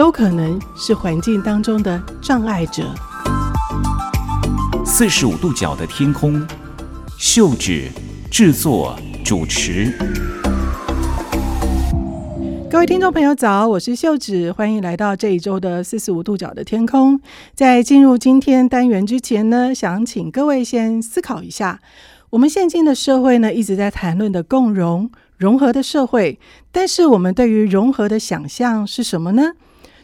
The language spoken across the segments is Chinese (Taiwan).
都可能是環境當中的障礙者。四十五度角的天空，秀芷製作主持。各位聽眾朋友早，我是秀芷，歡迎來到這一周的四十五度角的天空。在進入今天單元之前呢，想請各位先思考一下，我們現今的社會呢，一直在談論的共融融合的社會，但是我們對於融合的想象是什麼呢？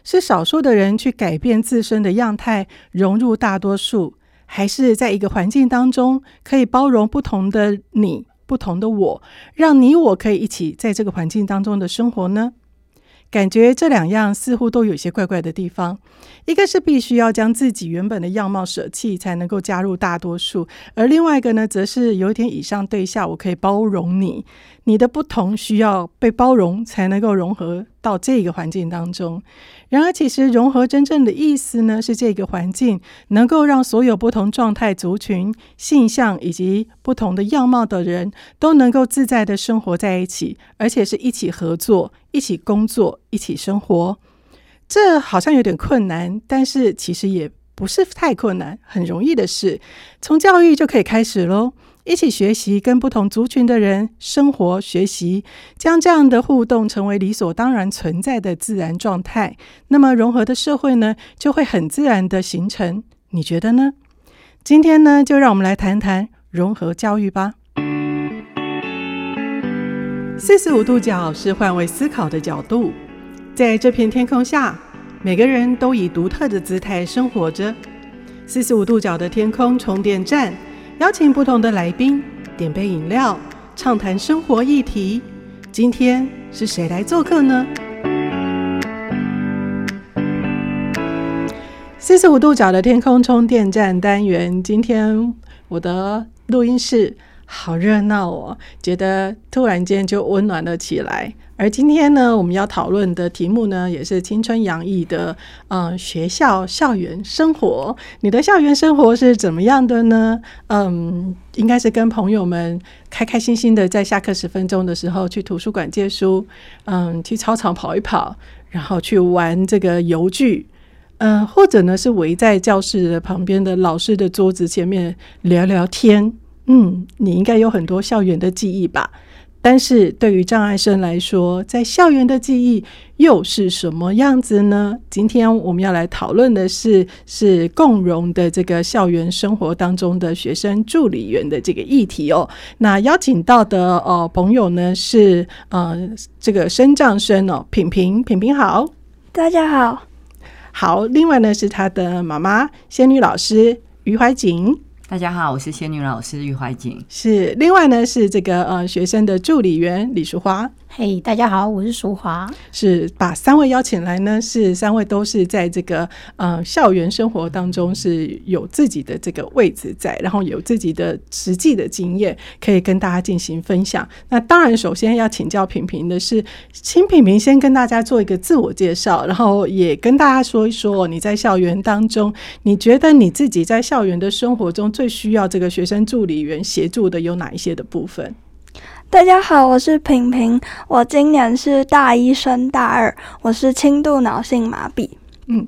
是少數的人去改變自身的樣態，融入大多數，還是在一個環境當中可以包容不同的你、不同的我，讓你我可以一起在這個環境當中的生活呢？感覺這兩樣似乎都有些怪怪的地方。一個是必須要將自己原本的樣貌捨棄，才能夠加入大多數；而另外一個呢，則是有一點以上對下，我可以包容你。你的不同需要被包容，才能夠融合到這個環境當中。然而，其實融合真正的意思呢，是這個環境能夠讓所有不同狀態、族群、性向以及不同的樣貌的人都能夠自在地生活在一起，而且是一起合作、一起工作、一起生活。這好像有點困難，但是其實也不是太困難，很容易的事。從教育就可以開始嘍。一起學習，跟不同族群的人生活、學習，將這樣的互動成為理所當然存在的自然狀態，那麼融合的社會呢，就會很自然地形成。你覺得呢？今天呢，就讓我們來談談融合教育吧。四十五度角是換位思考的角度，在這片天空下，每個人都以獨特的姿態生活着。四十五度角的天空充電站。邀請不同的來賓，點杯飲料，暢談生活議題。今天是誰來做客呢？四十五度角的天空充電站單元，今天我的錄音室。好熱鬧哦，覺得突然間就溫暖了起來。而今天呢，我們要討論的題目呢，也是青春洋溢的，嗯，學校校園生活。你的校園生活是怎麼樣的呢？嗯，應該是跟朋友們開開心心的，在下課十分鐘的時候去圖書館借書，嗯，去操場跑一跑，然後去玩這個遊具，嗯，或者呢，是圍在教室的旁邊的老師的桌子前面聊聊天。嗯，你應該有很多校園的記憶吧？但是對於障礙生來說，在校園的記憶又是什麼樣子呢？今天我們要來討論的是，是共融的這個校園生活當中的學生助理員的這個議題哦。那邀請到的哦、呃、朋友呢是呃這個身障生哦，平平，平平，平平好，大家好，好，另外呢是他的媽媽仙女老師余懷瑾。大家好，我是仙女老師余懷瑾，是另外呢是這個呃、嗯、學生的助理員李淑華。嘿，hey, 大家好，我是淑華。是把三位邀請來呢，是三位都是在這個呃校園生活當中是有自己的這個位置在，然後有自己的實際的經驗可以跟大家進行分享。那當然，首先要請教平平的是，請平平先跟大家做一個自我介紹，然後也跟大家說一說你在校園當中，你覺得你自己在校園的生活中最需要這個學生助理員協助的有哪一些的部分？大家好，我是平平，我今年是大一升大二，我是輕度腦性麻痹。嗯，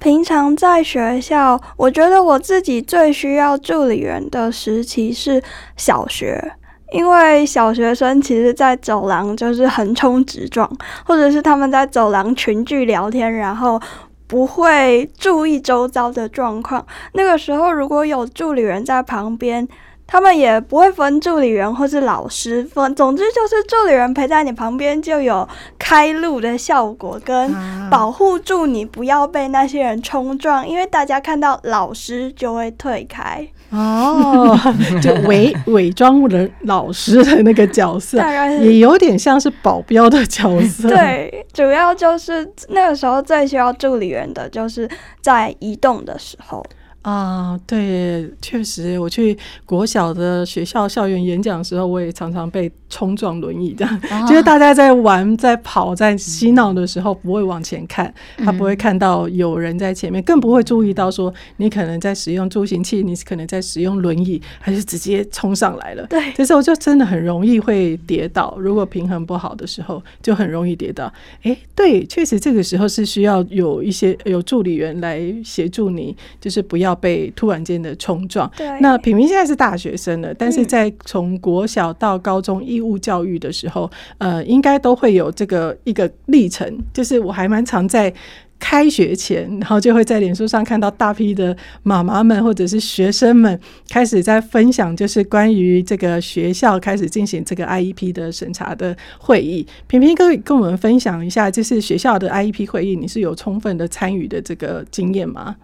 平常在學校，我覺得我自己最需要助理員的時期是小學，因為小學生其實，在走廊就是橫衝直撞，或者是他們在走廊群聚聊天，然後不會注意周遭的狀況。那個時候，如果有助理員在旁邊。他們也不會分助理員或是老師分，總之就是助理員陪在你旁邊，就有開路的效果跟保護住你，不要被那些人衝撞。因為大家看到老師就會退開哦， 就偽偽裝成老師的那個角色，也有點像是保鏢的角色。對，主要就是那個時候最需要助理員的，就是在移動的時候。啊，對，確實，我去國小的學校校園演講的時候，我也常常被衝撞輪椅這樣，oh. 就是大家在玩、在跑、在嬉鬧的時候，不會往前看，嗯、他不會看到有人在前面，嗯、更不會注意到說你可能在使用助行器，你可能在使用輪椅，還是直接衝上來了。對，這時候我就真的很容易會跌倒，如果平衡不好的時候，就很容易跌倒。哎，對，確實這個時候是需要有一些有助理員來協助你，就是不要被突然間的衝撞。對，那平平現在是大學生了，嗯、但是在從國小到高中一。義務教育的時候，呃，應該都會有這個一個歷程。就是我還蠻常在開學前，然後就會在臉書上看到大批的媽媽們或者是學生們開始在分享，就是關於這個學校開始進行這個 IEP 的審查的會議。平平可以跟我們分享一下，就是學校的 IEP 會議，你是有充分的參與的這個經驗嗎？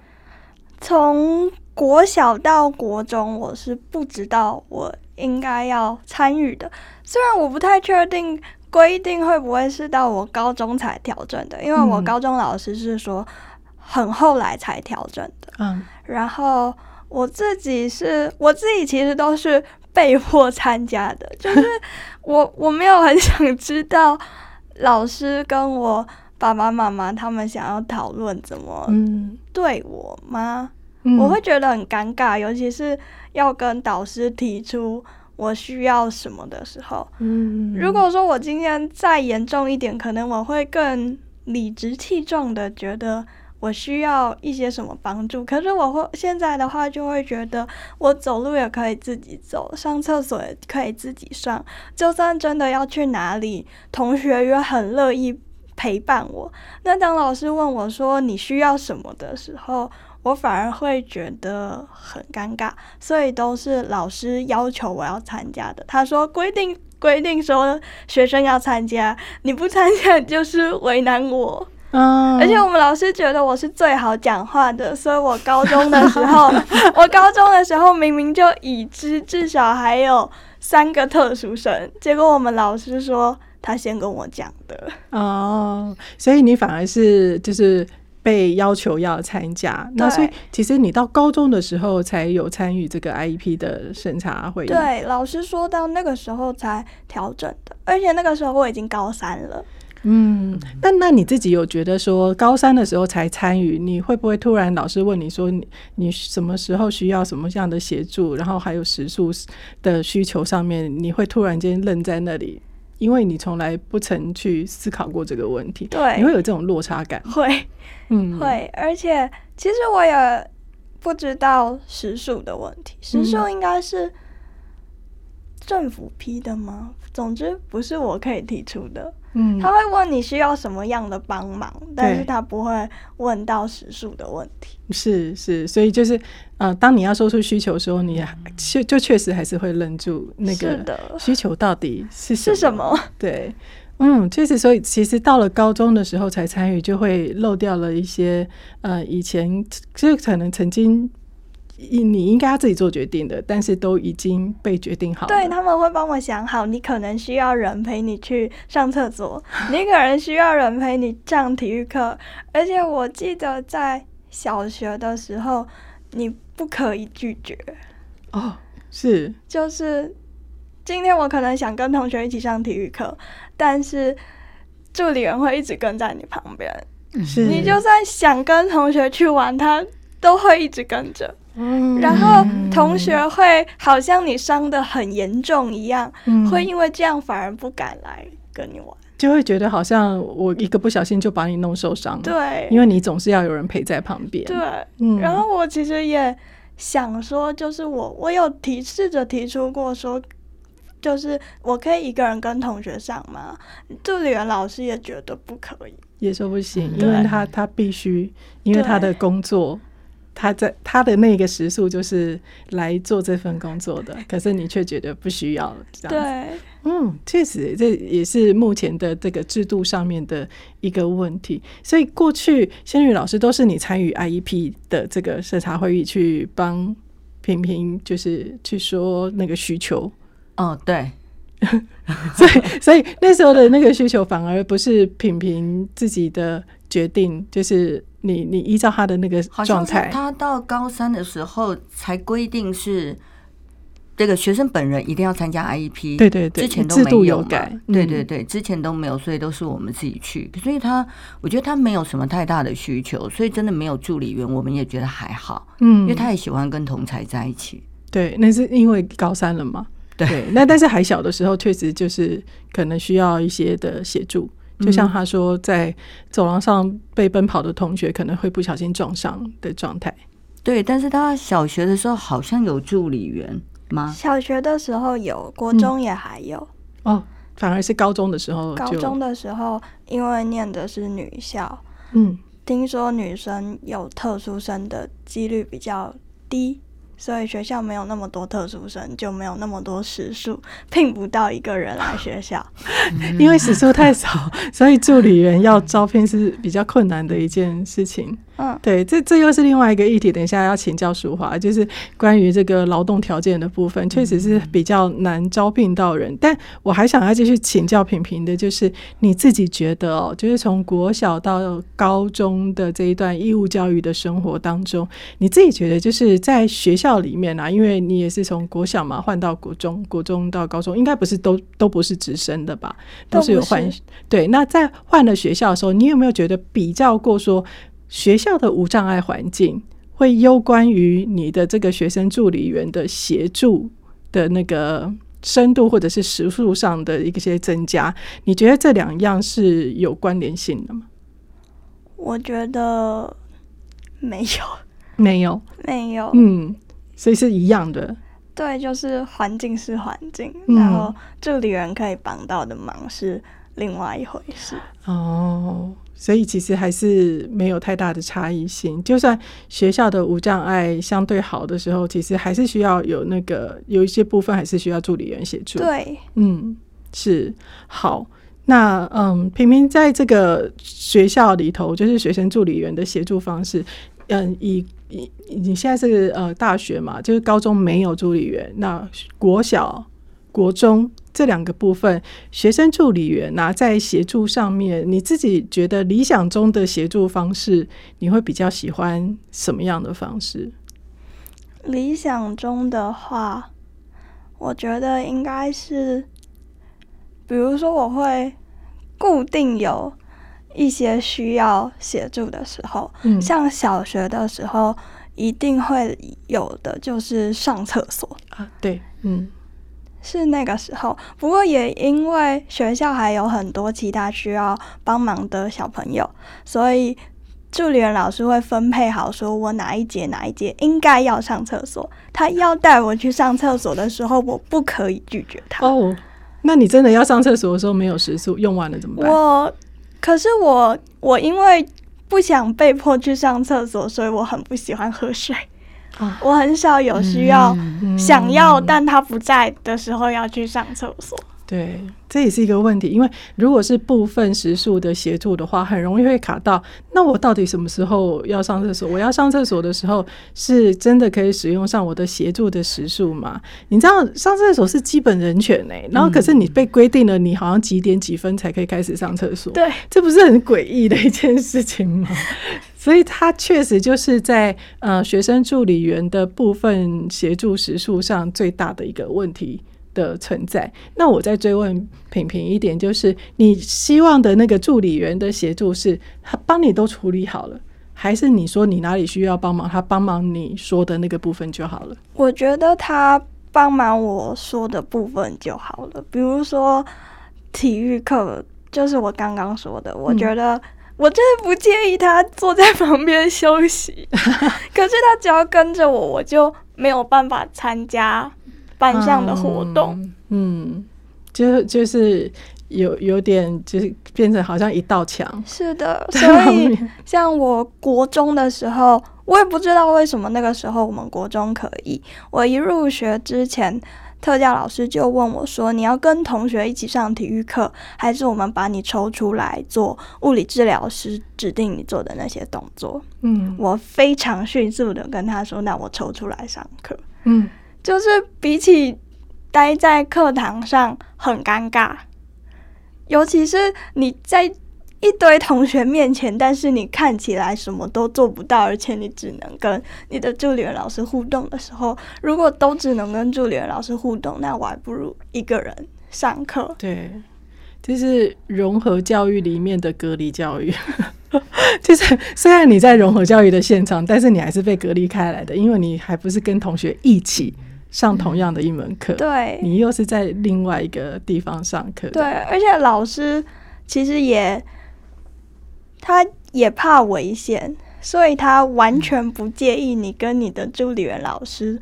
從。國小到國中，我是不知道我應該要參與的。雖然我不太確定規定會不會是到我高中才調整的，因為我高中老師是說很後來才調整的。嗯，然後我自己是，我自己其實都是被迫參加的，就是我我沒有很想知道老師跟我爸爸媽媽他們想要討論怎麼對我嗎？我會覺得很尷尬，尤其是要跟導師提出我需要什麼的時候。嗯。如果說我今天再嚴重一點，可能我會更理直氣壯地覺得我需要一些什麼幫助。可是我會現在的話就會覺得我走路也可以自己走，上廁所也可以自己上，就算真的要去哪裡，同學也很樂意陪伴我。那當老師問我說你需要什麼的時候，我反而會覺得很尷尬，所以都是老師要求我要參加的。他說規定，規定說學生要參加，你不參加就是為難我。嗯，oh. 而且我們老師覺得我是最好講話的，所以我高中的時候， 我高中的時候明明就已知至少還有三個特殊生，結果我們老師說他先跟我講的。哦，oh. 所以你反而是就是。被要求要參加，對那所以其實你到高中的時候才有參與這個 IEP 的審查會。對，老師說到那個時候才調整的，而且那個時候我已經高三了。嗯，但那你自己有覺得說高三的時候才參與，你會不會突然老師問你說你，你什麼時候需要什麼樣的協助，然後還有食宿的需求上面，你會突然間愣在那裡？因為你從來不曾去思考過這個問題，對你會有這種落差感。會，嗯，會。而且，其實我也不知道時數的問題，嗯、時數應該是。政府批的嗎？總之不是我可以提出的。嗯，他會問你需要什麼樣的幫忙，對但是他不會問到時數的問題。是是，所以就是呃，當你要說出需求的時候，你確就確實還是會愣住。那個需求到底是什麼？是是什麼對，嗯，確、就、實、是，所以其實到了高中的時候才參與，就會漏掉了一些呃，以前就可能曾經。你應該要自己做決定的，但是都已經被決定好了。對，他們會幫我想好，你可能需要人陪你去上廁所， 你可能需要人陪你上體育課。而且我記得在小學的時候，你不可以拒絕哦。Oh, 是，就是今天我可能想跟同學一起上體育課，但是助理員會一直跟在你旁邊。是你就算想跟同學去玩，他。都會一直跟着，嗯、然後同學會好像你傷得很嚴重一樣，嗯、會因為這樣反而不敢來跟你玩，就會覺得好像我一個不小心就把你弄受傷了，對，因為你總是要有人陪在旁邊，對，嗯。然後我其實也想說，就是我我有提，試著提出過說，就是我可以一個人跟同學上嗎？助理員老師也覺得不可以，也說不行，對因為他他必須因為他的工作。他在他的那個時數就是來做這份工作的，可是你卻覺得不需要這樣。對，嗯，確實這也是目前的這個制度上面的一個問題。所以過去仙女老師都是你參與 IEP 的這個審查會議去幫平平，平平就是去說那個需求。哦，oh, 對。 所以，所以那時候的那個需求反而不是平平自己的。決定就是你，你依照他的那個狀態。他到高三的時候才規定是這個學生本人一定要參加 IEP。對對對，之前都沒有，有改對對對，嗯、之前都沒有，所以都是我們自己去。所以他，我覺得他沒有什麼太大的需求，所以真的沒有助理員，我們也覺得還好。嗯，因為他也喜歡跟同儕在一起。對，那是因為高三了嘛。對， 那但是還小的時候，確實就是可能需要一些的協助。就像他說，在走廊上被奔跑的同學可能會不小心撞上的狀態，嗯。對，但是他小學的時候好像有助理員嗎？小學的時候有，國中也還有。嗯、哦，反而是高中的時候。高中的時候，因為念的是女校，嗯，聽說女生有特殊生的幾率比較低。所以學校沒有那麼多特殊生，就沒有那麼多時數，聘不到一個人來學校， 因為時數太少，所以助理員要招聘是比較困難的一件事情。嗯，啊、對，這這又是另外一個議題。等一下要請教淑華，就是關於這個勞動條件的部分，確實是比較難招聘到人。嗯、但我還想要繼續請教平平的，就是你自己覺得哦，就是從國小到高中的這一段義務教育的生活當中，你自己覺得就是在學校裡面啊，因為你也是從國小嘛換到國中，國中到高中，應該不是都都不是直升的吧，都是有換。對，那在換了學校的時候，你有沒有覺得比較過說？學校的無障礙環境會攸關於你的這個學生助理員的協助的那個深度或者是時數上的一些增加，你覺得這兩樣是有關聯性的嗎？我覺得沒有，沒有， 沒有，嗯，所以是一樣的，對，就是環境是環境，嗯、然後助理員可以幫到的忙是另外一回事，哦。所以其實還是沒有太大的差異性。就算學校的無障礙相對好的時候，其實還是需要有那個有一些部分還是需要助理員協助。對，嗯，是好。那嗯，平平在這個學校裡頭，就是學生助理員的協助方式。嗯，以以你現在是呃大學嘛，就是高中沒有助理員，那國小、國中。這兩個部分，學生助理員拿在協助上面，你自己覺得理想中的協助方式，你會比較喜歡什麼樣的方式？理想中的話，我覺得應該是，比如說，我會固定有一些需要協助的時候，嗯、像小學的時候一定會有的，就是上廁所啊，對，嗯。是那個時候，不過也因為學校還有很多其他需要幫忙的小朋友，所以助理員老師會分配好，說我哪一節哪一節應該要上廁所。他要帶我去上廁所的時候，我不可以拒絕他。哦，那你真的要上廁所的時候沒有食宿用完了怎麼辦？我，可是我我因為不想被迫去上廁所，所以我很不喜歡喝水。Oh，我很少有需要、嗯、想要，嗯、但他不在的時候要去上廁所。對，這也是一個問題，因為如果是部分時數的協助的話，很容易會卡到。那我到底什麼時候要上廁所？我要上廁所的時候，是真的可以使用上我的協助的時數嗎？你知道上廁所是基本人權誒、欸，然後可是你被規定了，你好像幾點幾分才可以開始上廁所。對，這不是很詭異的一件事情嗎？ 所以它確實就是在呃學生助理員的部分協助時數上最大的一個問題。的存在。那我再追問平平一點，就是你希望的那個助理員的協助是他幫你都處理好了，還是你說你哪裡需要幫忙，他幫忙你說的那個部分就好了？我覺得他幫忙我說的部分就好了。比如說體育課，就是我剛剛說的，我覺得我真的不介意他坐在旁邊休息， 可是他只要跟着我，我就沒有辦法參加。辦這樣的活動，嗯、嗯，就就是有有點，就是變成好像一道牆。是的，所以像我國中的時候，我也不知道為什麼那個時候我們國中可以。我一入學之前，特教老師就問我說：“你要跟同學一起上體育課，還是我們把你抽出來做物理治療師指定你做的那些動作？”嗯，我非常迅速地跟他說：“那我抽出來上課。”嗯。就是比起待在課堂上很尷尬，尤其是你在一堆同學面前，但是你看起來什麼都做不到，而且你只能跟你的助理老師互動的時候，如果都只能跟助理老師互動，那我還不如一個人上課。對，就是融合教育裡面的隔離教育， 就是雖然你在融合教育的現場，但是你還是被隔離開來的，因為你還不是跟同學一起。上同樣的一門課，對，你又是在另外一個地方上課，對，而且老師其實也，他也怕危險，所以他完全不介意你跟你的助理員老師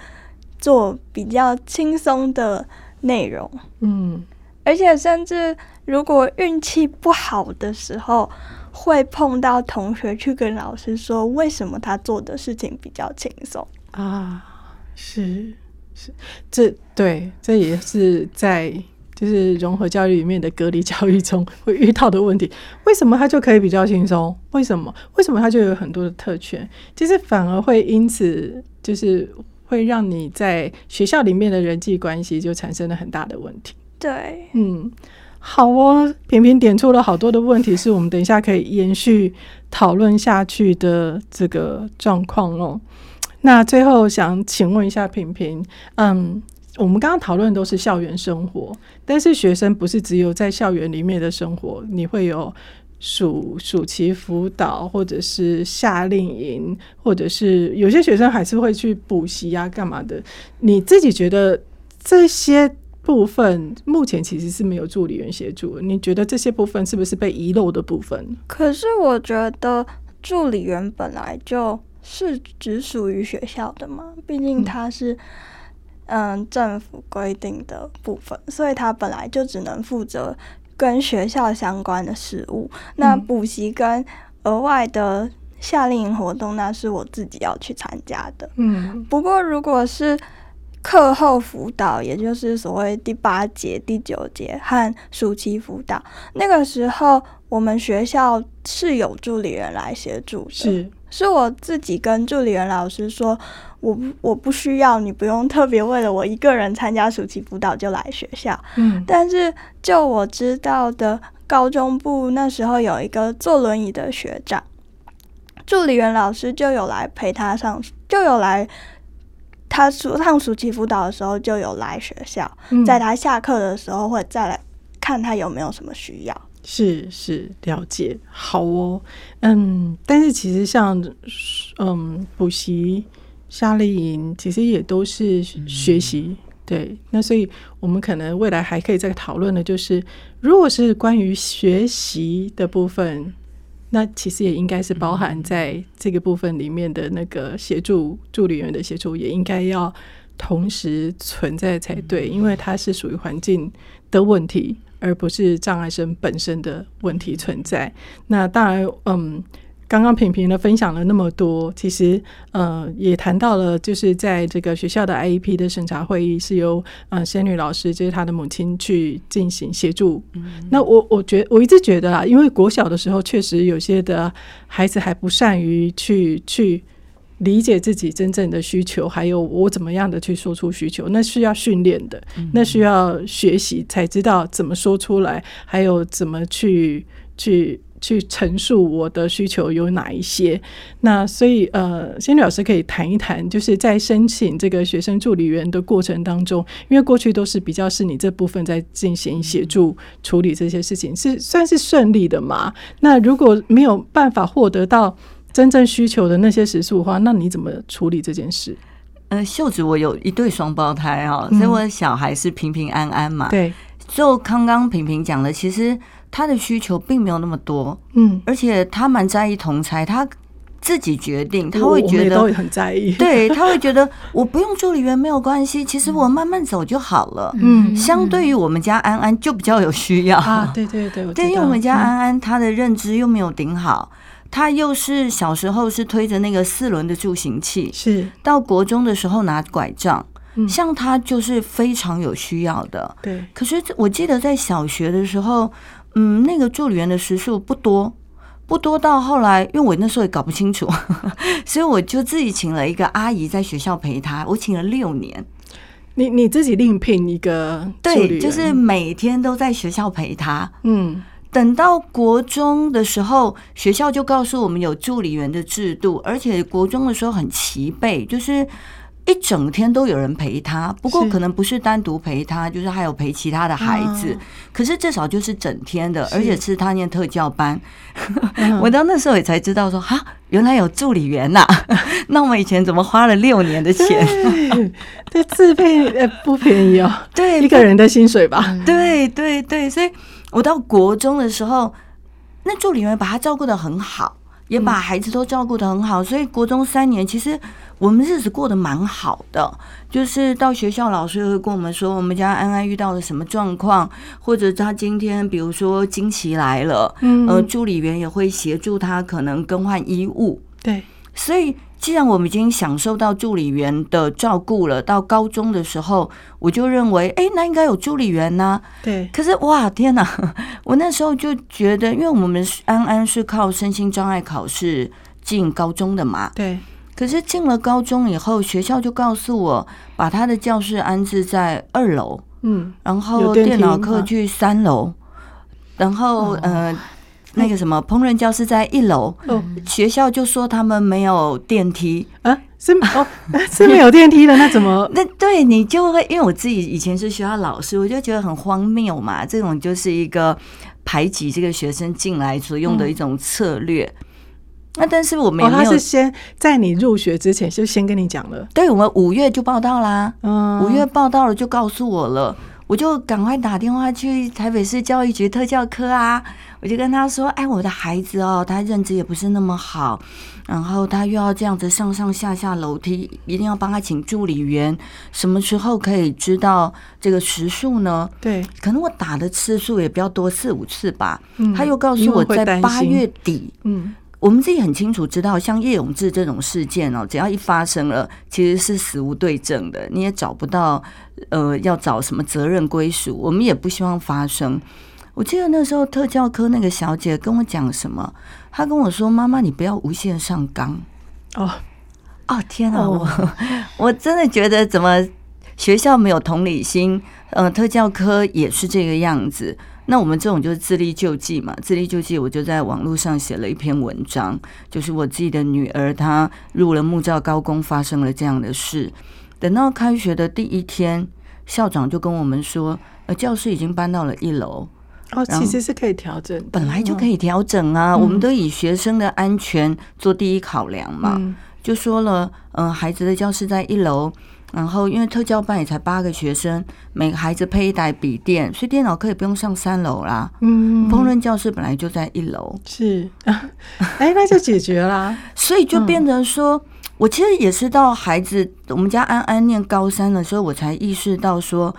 做比較輕鬆的內容，嗯，而且甚至如果運氣不好的時候，會碰到同學去跟老師說為什麼他做的事情比較輕鬆啊，是。這對，這也是在就是融合教育裡面的隔離教育中，會遇到的問題。為什麼他就可以比較輕鬆？為什麼？為什麼他就有很多的特權？其實反而會因此就是會讓你在學校裡面的人際關係就產生了很大的問題。對，嗯，好哦，平平點出了好多的問題，是我們等一下可以延續討論下去的這個狀況嘍。那最後想請問一下平平，嗯，我們剛剛討論都是校園生活，但是學生不是只有在校園裡面的生活，你會有暑暑期輔導，或者是夏令營，或者是有些學生還是會去補習啊，幹嘛的？你自己覺得這些部分目前其實是沒有助理員協助，你覺得這些部分是不是被遺漏的部分？可是我覺得助理員本來就。是只屬於學校的嘛，畢竟它是嗯，嗯，政府規定的部分，所以它本來就只能負責跟學校相關的事務。嗯、那補習跟額外的夏令營活動，那是我自己要去參加的。嗯，不過如果是課後輔導，也就是所謂第八節、第九節和暑期輔導，那個時候我們學校是有助理員來協助的。是。是我自己跟助理員老師說，我，我不需要，你不用特別為了我一個人參加暑期輔導就來學校。嗯，但是就我知道的，高中部那時候有一個坐輪椅的學長，助理員老師就有來陪他上，就有來，他暑上暑期輔導的時候就有來學校，嗯，在他下課的時候會再來看他有沒有什麼需要。是是了解，好哦，嗯，但是其實像嗯補習夏令營，其實也都是學習，嗯、對，那所以我們可能未來還可以再討論的，就是如果是關於學習的部分，那其實也應該是包含在這個部分裡面的那個協助、嗯、助理員的協助，也應該要同時存在才對，因為它是屬於環境的問題。而不是障礙生本身的問題存在。那當然，嗯，剛剛平平的分享了那麼多，其實呃、嗯，也談到了，就是在這個學校的 IEP 的審查會議是由嗯，仙女老師就是她的母親去進行協助。嗯、那我我覺得我一直覺得啊，因為國小的時候確實有些的孩子還不善於去去。去理解自己真正的需求，還有我怎麼樣的去說出需求，那需要訓練的，那需要學習才知道怎麼說出來，還有怎麼去去去陳述我的需求有哪一些。那所以呃，仙女老師可以談一談，就是在申請這個學生助理員的過程當中，因為過去都是比較是你這部分在進行協助處理這些事情，是算是順利的嘛？那如果沒有辦法獲得到。真正需求的那些時數的話，那你怎麼處理這件事？嗯，秀芷，我有一對雙胞胎啊，所以我的小孩是平平安安嘛。對，就剛剛平平講了，其實他的需求並沒有那麼多，嗯，而且他蠻在意同儕，他自己決定，他會覺得都會很在意，對，他會覺得我不用助理員沒有關係，其實我慢慢走就好了。嗯，相對於我們家安安就比較有需要啊，對對對，對，因為我們家安安他的認知又沒有頂好。他又是小時候是推着那個四輪的助行器，是到國中的時候拿拐杖，嗯，像他就是非常有需要的。對，可是我記得在小學的時候，嗯，那個助理員的時數不多，不多到後來，因為我那時候也搞不清楚， 所以我就自己請了一個阿姨在學校陪他，我請了六年。你你自己另聘一個，對，就是每天都在學校陪他，嗯。等到國中的時候，學校就告訴我們有助理員的制度，而且國中的時候很齊備，就是一整天都有人陪他。不過可能不是單獨陪他，是就是還有陪其他的孩子。嗯、可是至少就是整天的，而且是他念特教班。是 我到那時候也才知道說，哈、啊，原來有助理員吶、啊。 那我們以前怎麼花了六年的錢？對, 對，自費不便宜哦， 對，一個人的薪水吧。嗯、對對對，所以。我到國中的時候，那助理員把他照顧得很好，也把孩子都照顧得很好，嗯、所以國中三年其實我們日子過得蠻好的。就是到學校老師會跟我們說，我們家安安遇到了什麼狀況，或者他今天比如說經期來了，嗯，呃、助理員也會協助他可能更換衣物，對、嗯，所以。既然我們已經享受到助理員的照顧了，到高中的時候，我就認為，哎，那應該有助理員呢。對。可是，哇，天哪！我那時候就覺得，因為我們安安是靠身心障礙考試進高中的嘛。對。可是進了高中以後，學校就告訴我，把他的教室安置在二樓。嗯。然後電腦課去三樓。然後呃，嗯。那個什麼烹飪教室在一樓，嗯、學校就說他們沒有電梯。嗯、啊，是嗎？哦、 是沒有電梯的，那怎麼？ 那對你就會因為我自己以前是學校老師，我就覺得很荒謬嘛。這種就是一個排擠這個學生進來所用的一種策略。那、嗯啊、但是我沒有、哦，他是先在你入學之前就先跟你講了。對，我們五月就報到啦、啊，嗯，五月報到了就告訴我了。我就趕快打電話去台北市教育局特教科啊，我就跟他說：“哎，我的孩子哦，他認知也不是那麼好，然後他又要這樣子上上下下樓梯，一定要幫他請助理員。什麼時候可以知道這個時數呢？”對，可能我打的次數也比較多，四五次吧。嗯，他又告訴我在八月底。嗯。我們自己很清楚知道，像葉永鋕這種事件哦，只要一發生了，其實是死無對證的，你也找不到呃，要找什麼責任歸屬。我們也不希望發生。我記得那時候特教科那個小姐跟我講什麼，她跟我說：“媽媽，你不要無限上綱。”哦、oh. 哦，天啊，oh. 我我真的覺得怎麼學校沒有同理心，嗯、呃，特教科也是這個樣子。那我們這種就是自力救濟嘛，自力救濟，我就在網絡上寫了一篇文章，就是我自己的女兒她入了木造高工，發生了這樣的事。等到開學的第一天，校長就跟我們說，呃，教室已經搬到了一樓。哦，然後，其實是可以調整的，本來就可以調整啊，嗯，我們都以學生的安全做第一考量嘛，嗯，就說了，嗯，呃，孩子的教室在一樓。然後，因為特教班也才八個學生，每個孩子配一台筆電，所以電腦可以不用上三樓啦。嗯，烹飪教室本來就在一樓，是，哎，那就解決啦。 所以就變成說，我其實也是到孩子，我們家安安念高三的時候我才意識到說，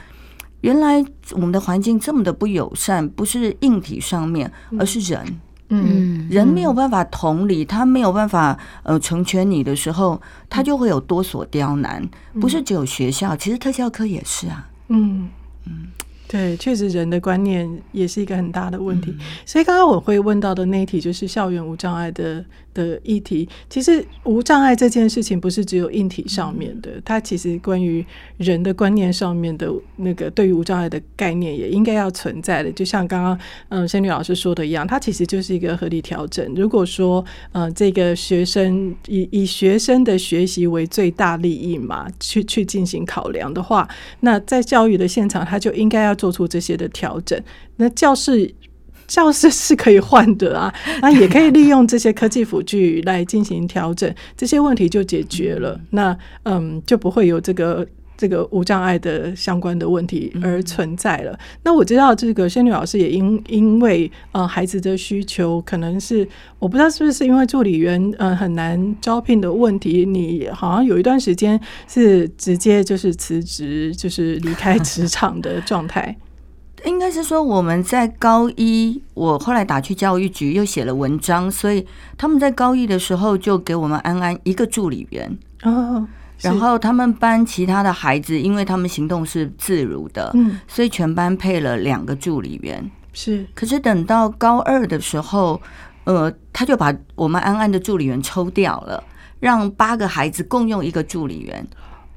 原來我們的環境這麼的不友善，不是硬體上面，而是人。嗯嗯，人沒有辦法同理，嗯、他沒有辦法呃成全你的時候，他就會有多所刁難，嗯、不是只有學校，其實特教科也是啊。嗯嗯，嗯對，確實人的觀念也是一個很大的問題。嗯、所以剛剛我會問到的那一題就是校園無障礙的。的議題，其實無障礙這件事情不是只有硬體上面的，它其實關於人的觀念上面的那個對於無障礙的概念也應該要存在的。就像剛剛嗯仙女老師說的一樣，它其實就是一個合理調整。如果說嗯，呃，這個學生以以學生的學習為最大利益嘛，去去進行考量的話，那在教育的現場他就應該要做出這些的調整。那教室。教室是可以換的啊，那也可以利用這些科技輔具來進行調整。 這些問題就解決了。那嗯，就不會有這個這個無障礙的相關的問題而存在了。 那我知道這個仙女老師也因因為呃孩子的需求，可能是我不知道是不是因為助理員呃很難招聘的問題，你好像有一段時間是直接就是辭職，就是離開職場的狀態。 應該是說我們在高一，我後來打去教育局又寫了文章，所以他們在高一的時候就給我們安安一個助理員。然後他們班其他的孩子，因為他們行動是自如的，所以全班配了兩個助理員是。可是等到高二的時候，呃，他就把我們安安的助理員抽掉了，讓八個孩子共用一個助理員。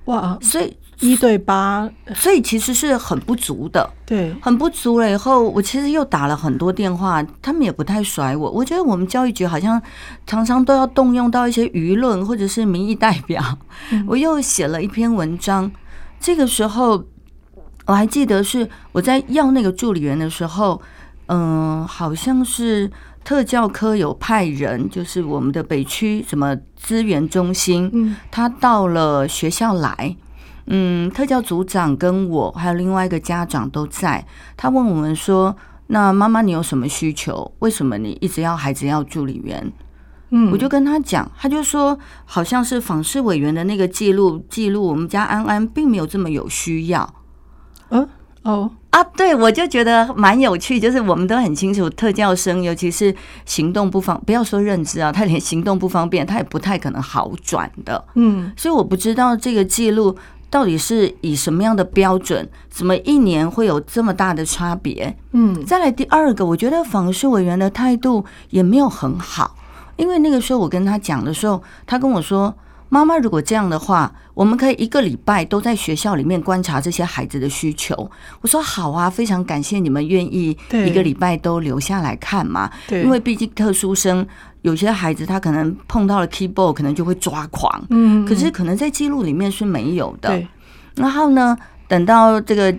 哇，所以。一對八，所以其實是很不足的。對，很不足了以後，我其實又打了很多電話，他們也不太甩我。我覺得我們教育局好像常常都要動用到一些輿論或者是民意代表。嗯、我又寫了一篇文章。這個時候，我還記得是我在要那個助理員的時候，嗯、呃，好像是特教科有派人，就是我們的北區什麼資源中心，嗯、他到了學校來。嗯，特教組長跟我還有另外一個家長都在。他問我們說：“那媽媽，你有什麼需求？為什麼你一直要孩子要助理員？”嗯，我就跟他講，他就說：“好像是訪視委員的那個記錄記錄，我們家安安並沒有這麼有需要。”嗯，哦，啊，對我就覺得蠻有趣，就是我們都很清楚，特教生尤其是行動不方，不要說認知啊，他連行動不方便，他也不太可能好轉的。嗯，所以我不知道這個記錄。到底是以什麼樣的標準？怎麼一年會有這麼大的差別？嗯，再來第二個，我覺得訪視委員的態度也沒有很好，因為那個時候我跟他講的時候，他跟我說。媽媽，如果這樣的話，我們可以一個禮拜都在學校裡面觀察這些孩子的需求。我說好啊，非常感謝你們願意一個禮拜都留下來看嘛。對，因為畢竟特殊生有些孩子他可能碰到了 keyboard，可能就會抓狂。嗯嗯，可是可能在記錄裡面是沒有的。對，然後呢，等到這個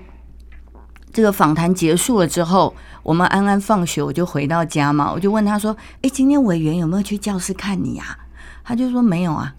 這個訪談結束了之後，我們安安放學我就回到家嘛，我就問他說：“哎，今天委員有沒有去教室看你呀？”他就說沒有啊，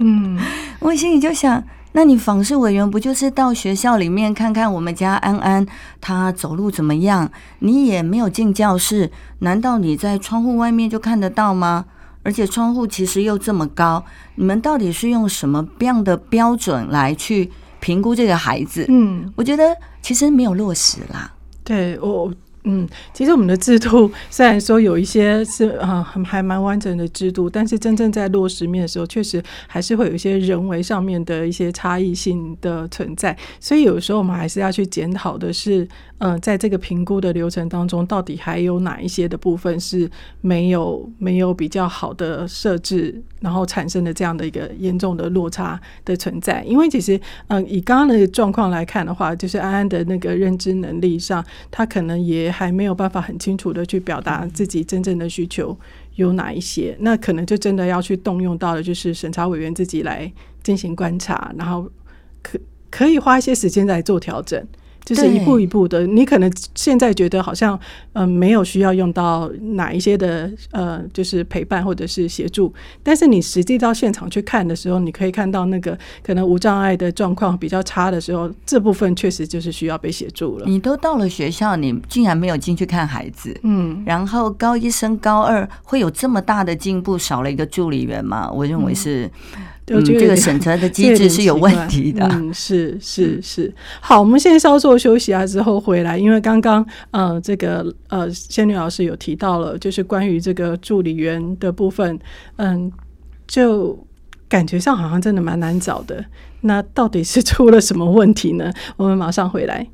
嗯，我心裡就想，那你訪視委員不就是到學校裡面看看我們家安安他走路怎麼樣？你也沒有進教室，難道你在窗戶外面就看得到嗎？而且窗戶其實又這麼高，你們到底是用什麼樣的標準來去評估這個孩子？嗯，我覺得其實沒有落實啦對。對我。嗯，其實我們的制度雖然說有一些是啊，還蠻完整的制度，但是真正在落實面的時候，確實還是會有一些人為上面的一些差異性的存在，所以有時候我們還是要去檢討的是。嗯，呃、在這個評估的流程當中，到底還有哪一些的部分是沒有沒有比較好的設置，然後產生的這樣的一個嚴重的落差的存在？因為其實，嗯，以剛剛的狀況來看的話，就是安安的那個認知能力上，他可能也還沒有辦法很清楚的去表達自己真正的需求有哪一些，那可能就真的要去動用到的就是審查委員自己來進行觀察，然後可可以花一些時間來做調整。就是一步一步的，對你可能現在覺得好像嗯、呃、沒有需要用到哪一些的呃，就是陪伴或者是協助，但是你實際到現場去看的時候，你可以看到那個可能無障礙的狀況比較差的時候，這部分確實就是需要被協助了。你都到了學校，你竟然沒有進去看孩子，嗯，然後高一升高二會有這麼大的進步，少了一個助理員嘛？我認為是。嗯嗯，這個選擇的機制是有問題的。嗯，是是是。好，我們現在稍作休息啊，之後回來。因為剛剛，呃，這個呃，仙女老師有提到了，就是關於這個助理員的部分，嗯，就感覺上好像真的蠻難找的。那到底是出了什麼問題呢？我們馬上回來。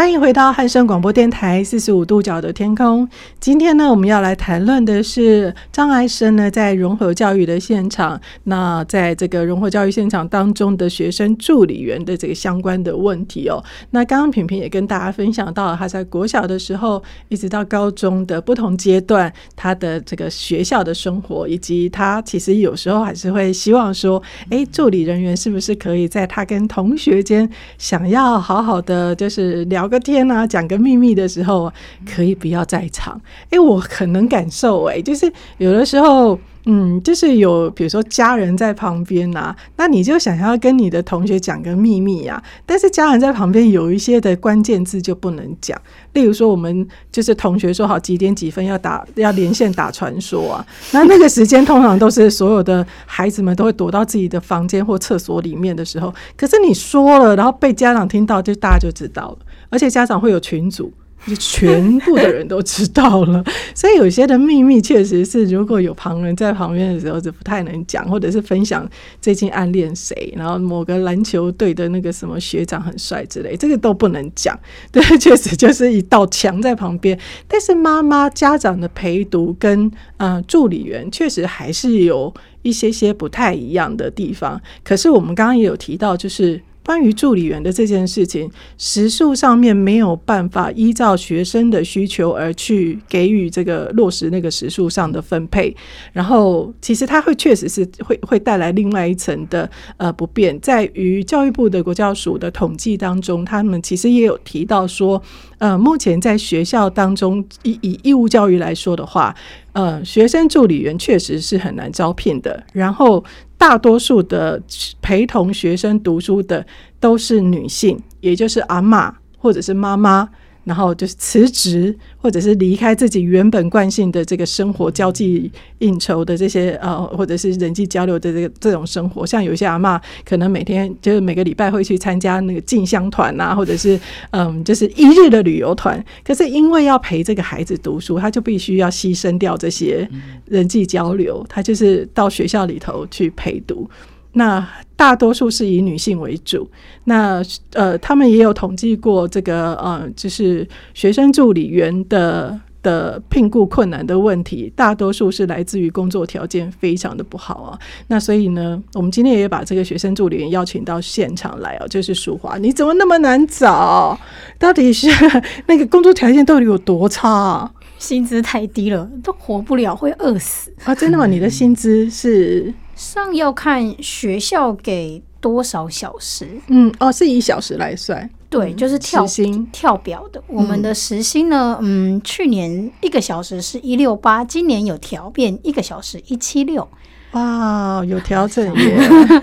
歡迎回到漢聲廣播電臺四十五度角的天空。今天呢，我們要來談論的是障礙生呢在融合教育的現場，那在這個融合教育現場當中的學生助理員的這個相關的問題哦。那剛剛平平也跟大家分享到了，他在國小的時候，一直到高中的不同階段，他的這個學校的生活，以及他其實有時候還是會希望說，哎，助理人員是不是可以在他跟同學間想要好好的就是聊，個天吶！講個秘密的時候，可以不要在場。因、欸、為我很能感受、欸。誒，就是有的時候，嗯，就是有比如說家人在旁邊吶、啊，那你就想要跟你的同學講個秘密呀、啊。但是家人在旁邊，有一些的關鍵字就不能講。例如說，我們就是同學說好幾點幾分要打要連線打傳說啊，那那個時間通常都是所有的孩子們都會躲到自己的房間或廁所裡面的時候。可是你說了，然後被家長聽到，就大家就知道了。而且家長會有群組，就全部的人都知道了。 所以有些的秘密確實是，如果有旁人在旁邊的時候，就不太能講，或者是分享最近暗戀誰，然後某個籃球隊的那個什麼學長很帥之類，這個都不能講。對，確實就是一道牆在旁邊。但是媽媽家長的陪讀跟啊、呃、助理員確實還是有一些些不太一樣的地方。可是我們剛剛也有提到，就是。關於助理員的這件事情，時數上面沒有辦法依照學生的需求而去給予這個落實那個時數上的分配，然後其實它，會確實是會會帶來另外一層的呃不便，在於教育部的國教署的統計當中，他們其實也有提到說，呃，目前在學校當中以以義務教育來說的話，呃，學生助理員確實是很難招聘的，然後。大多數的陪同學生讀書的都是女性，也就是阿嬤或者是媽媽。然後就是辭職，或者是離開自己原本慣性的這個生活、交際、應酬的這些呃，或者是人際交流的這個這種生活。像有些阿嬤，可能每天就是每個禮拜會去參加那個進香團啊，或者是嗯，就是一日的旅遊團。可是因為要陪這個孩子讀書，他就必須要犧牲掉這些人際交流，他就是到學校裡頭去陪讀。那大多數是以女性為主，那呃，他們也有統計過這個呃，就是學生助理員的的聘僱困難的問題，大多數是來自於工作條件非常的不好啊。那所以呢，我們今天也把這個學生助理員邀請到現場來哦，就是淑華，你怎麼那麼難找？到底是那個工作條件到底有多差啊？薪資太低了，都活不了，會餓死啊！真的嗎？ 你的薪資是？上要看學校給多少小時，嗯，哦，是以小時來算，對，就是跳時薪跳表的。我們的時薪呢，嗯,嗯，去年一個小時是一六八，今年有調變，一個小時一七六。哇，有調整耶，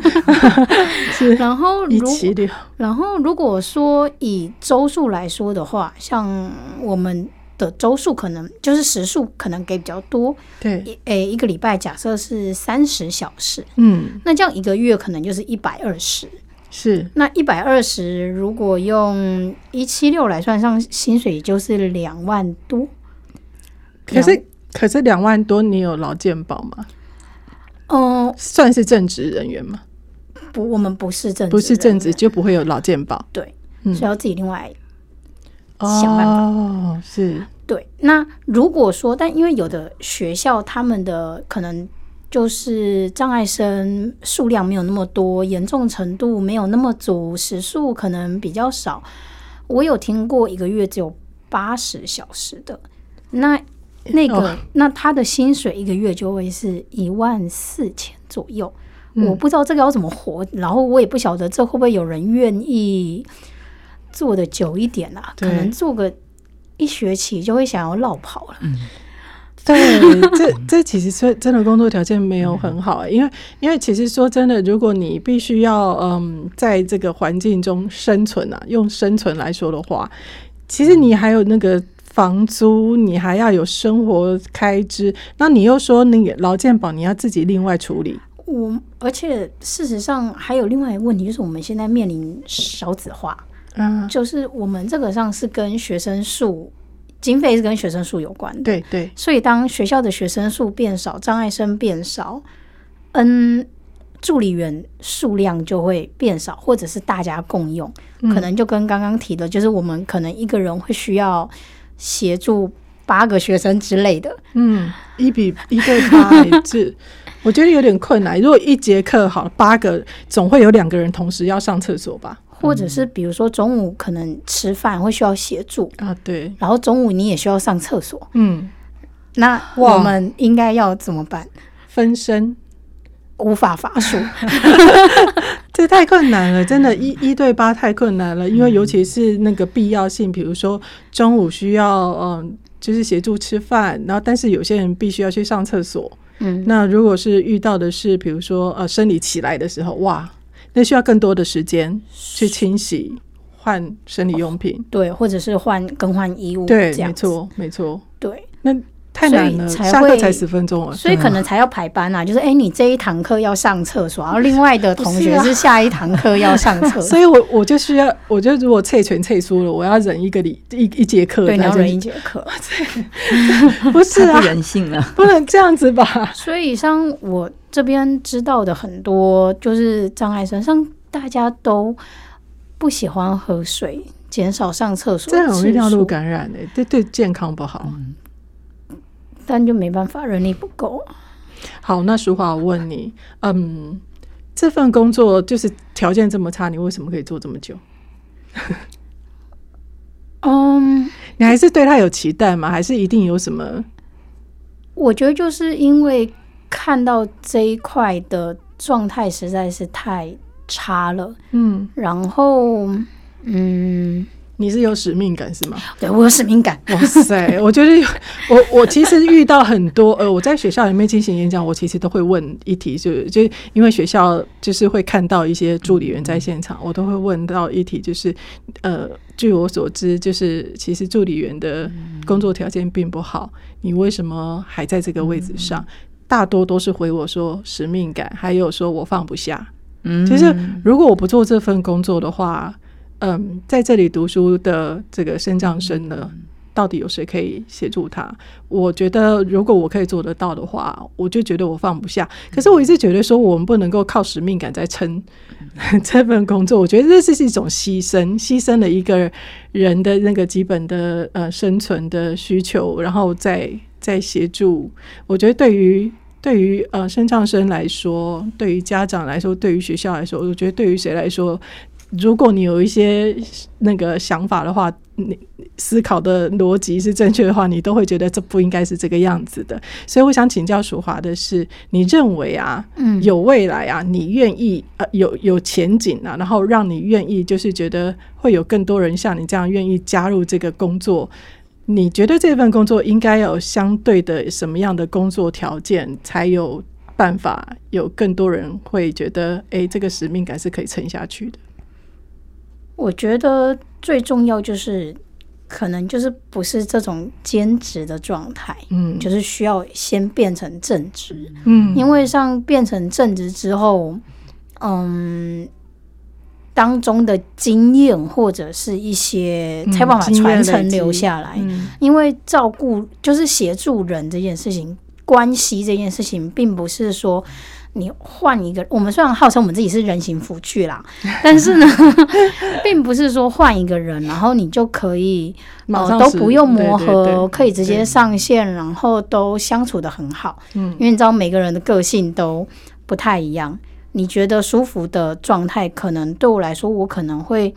是。然後如。一七六。然後如果說以周數來說的話，像我們。的週數可能就是時數可能給比較多，對，一誒、欸、一個禮拜假設是三十小時，嗯，那這樣一個月可能就是一百二十，是，那一百二十如果用一七六來算上，薪水就是兩萬多。可是可是兩萬多，你有勞健保嗎？哦，、嗯，算是正職人員嗎？不，我們不是正，不是正職就不會有勞健保，對，需、嗯、要自己另外。哦，oh, 是，對。那如果說，但因為有的學校他們的可能就是障礙生數量沒有那麼多，嚴重程度沒有那麼足，時數可能比較少。我有聽過一個月只有八十小時的，那那個、oh. 那他的薪水一個月就會是一萬四千左右。嗯、我不知道這個要怎麼活，然後我也不曉得這會不會有人願意做的久一點啦、啊，可能做個一學期就會想要落跑了。對， 對，這這其實說真的，工作條件沒有很好、欸，因為因為其實說真的，如果你必須要嗯在這個環境中生存啊，用生存來說的話，其實你還有那個房租，你還要有生活開支，那你又說那個勞健保你要自己另外處理。我而且事實上還有另外一個問題，就是我們現在面臨少子化。嗯，就是我們這個上是跟學生數經費是跟學生數有關的，對對，對所以當學校的學生數變少，障礙生變少嗯，N、助理員數量就會變少，或者是大家共用，嗯、可能就跟剛剛提的，就是我們可能一個人會需要協助八個學生之類的，嗯，一比一對八， 我覺得有點困難。如果一節課好了八個，總會有兩個人同時要上廁所吧。或者是比如說中午可能吃飯會需要協助，嗯、啊，對，然後中午你也需要上廁所，嗯，那我們應該要怎麼辦？分身無法乏術。 這太困難了，真的，一一對八太困難了，因為尤其是那個必要性，嗯、比如說中午需要嗯、呃，就是協助吃飯，然後但是有些人必須要去上廁所，嗯，那如果是遇到的是比如說呃生理期來的時候，哇。那需要更多的時間去清洗，換生理用品，哦，對，或者是換更換衣物，對，沒錯，沒錯，對，那。太難了，下課才十分鐘，所以可能才要排班啊，對就是哎、欸，你這一堂課要上廁所，是然後另外的同學是下一堂課要上廁所，啊、所以我我就需要，我就如果退全退輸了，我要忍一個禮，一一,一節課，對，你要忍一節課， 不是啊，不人性啊，不能這樣子吧？所以像我這邊知道的很多，就是障礙生，像大家都不喜歡喝水，減少上廁所，這容易尿路感染誒、欸，對對，健康不好。嗯但就沒辦法，人力不夠。好，那淑華我問你，嗯，這份工作就是條件這麼差，你為什麼可以做這麼久？嗯 ，um, 你還是對他有期待嗎？還是一定有什麼？我覺得就是因為看到這一塊的狀態實在是太差了，嗯，然後，嗯。你是有使命感是嗎？對我有使命感。哇塞，我覺得我我其實遇到很多 呃，我在學校裡面進行演講，我其實都會問一題，就就因為學校就是會看到一些助理員在現場，嗯、我都會問到一題，就是呃，據我所知，就是其實助理員的工作條件並不好，嗯、你為什麼還在這個位置上？嗯、大多都是回我說使命感，還有說我放不下。嗯，其實如果我不做這份工作的話。嗯，在這裡讀書的這個身障生呢，嗯、到底有誰可以協助他？我覺得，如果我可以做得到的話，我就覺得我放不下。可是我一直覺得，說我們不能夠靠使命感在撐，嗯、 這份工作。我覺得這是一種犧牲，犧牲了一個人的那個基本的呃生存的需求，然後再再協助。我覺得對，對於對於呃身障生來說，對於家長來說，對於學校來說，我覺得對於誰來說？如果你有一些那個想法的話，你思考的邏輯是正確的話，你都會覺得這不應該是這個樣子的。所以我想請教淑華的是，你認為啊，有未來啊，你願意呃有有前景啊，然後讓你願意就是覺得會有更多人像你這樣願意加入這個工作，你覺得這份工作應該有相對的什麼樣的工作條件，才有辦法有更多人會覺得，哎，這個使命感是可以撐下去的。我覺得最重要就是，可能就是不是這種兼職的狀態，嗯，就是需要先變成正職，嗯，因為像變成正職之後，嗯，當中的經驗或者是一些才有辦法傳承留下來，嗯，因為照顧就是協助人這件事情，關係這件事情，並不是說。你換一個，我們雖然號稱我們自己是人形輔具啦， 但是呢，並不是說換一個人，然後你就可以，都、呃、都不用磨合，對對對，可以直接上線，對對對，然後都相處得很好。嗯，因為你知道每個人的個性都不太一樣，嗯、你覺得舒服的狀態，可能對我來說，我可能會。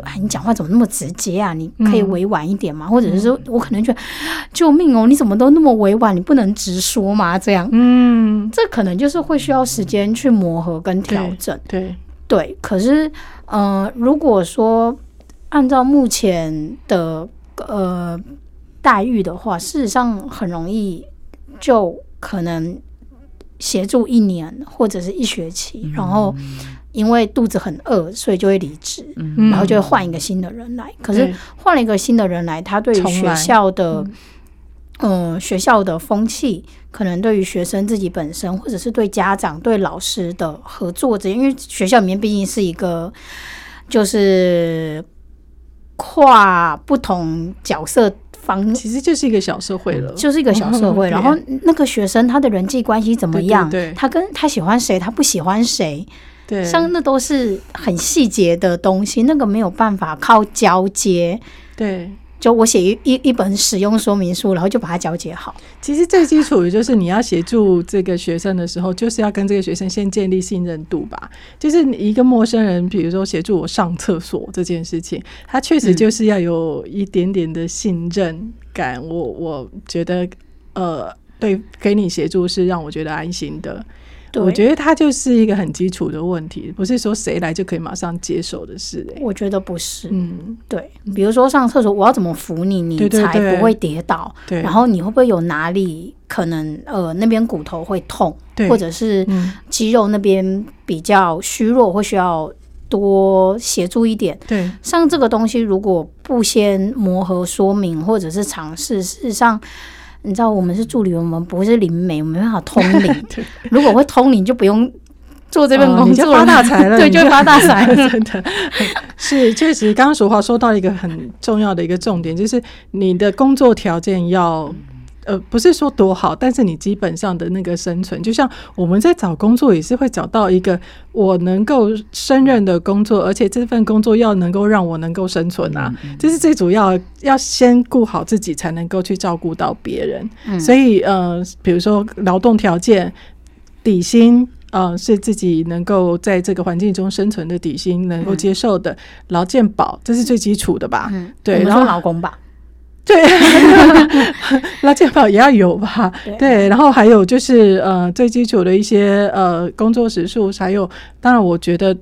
哎，你講話怎麼那麼直接啊？你可以委婉一點嗎？嗯、或者是說，我可能覺得救命哦，你怎麼都那麼委婉？你不能直說嗎？這樣，嗯，這可能就是會需要時間去磨合跟調整，對對，對。可是，嗯、呃，如果說按照目前的呃待遇的話，事實上很容易就可能協助一年或者是一學期，嗯、然後。因為肚子很餓，所以就會離職，嗯、然後就會換一個新的人來。嗯、可是換了一個新的人來，嗯、他對於學校的，來嗯，嗯，學校的風氣，可能對於學生自己本身，或者是對家長、對老師的合作者，因為學校裡面畢竟是一個，就是跨不同角色方，其實就是一個小社會了，嗯、就是一個小社會。嗯、然後那個學生他的人際關係怎麼樣？對對對，他跟他喜歡誰？他不喜歡誰？對，像那都是很細節的東西，那個沒有辦法靠交接。對，就我寫一一本使用說明書，然後就把它交接好。其實最基礎的就是你要協助這個學生的時候，就是要跟這個學生先建立信任度吧。就是一個陌生人，比如說協助我上廁所這件事情，他確實就是要有一點點的信任感。嗯、我我覺得，呃，對，給你協助是讓我覺得安心的。對我覺得它就是一個很基礎的問題，不是說誰來就可以馬上接手的事。我覺得不是，嗯，對，比如說上廁所，我要怎麼扶你，你才不會跌倒？對對對，然後你會不會有哪裡可能呃，那邊骨頭會痛，對或者是肌肉那邊比較虛弱，會需要多協助一點？對，像這個東西如果不先磨合、說明或者是嘗試，事實上。你知道我們是助理，我們不是靈媒，沒辦法通靈。 如果會通靈，就不用做這份工作，發大財了。對，就發大財了。 是，確實，剛剛淑華說到一個很重要的一個重點，就是你的工作條件要。呃，不是說多好，但是你基本上的那個生存，就像我們在找工作也是會找到一個我能夠勝任的工作，而且這份工作要能夠讓我能夠生存啊，這、嗯嗯、是最主要要先顧好自己，才能夠去照顧到別人。嗯、所以，呃，比如說勞動條件、底薪，呃，是自己能夠在這個環境中生存的底薪，能夠接受的，勞、嗯、健保，這是最基礎的吧？嗯、對，嗯、然後老公、嗯、吧。對，勞健保也要有吧。對，然後還有就是呃，最基礎的一些呃工作時數，還有當然我覺得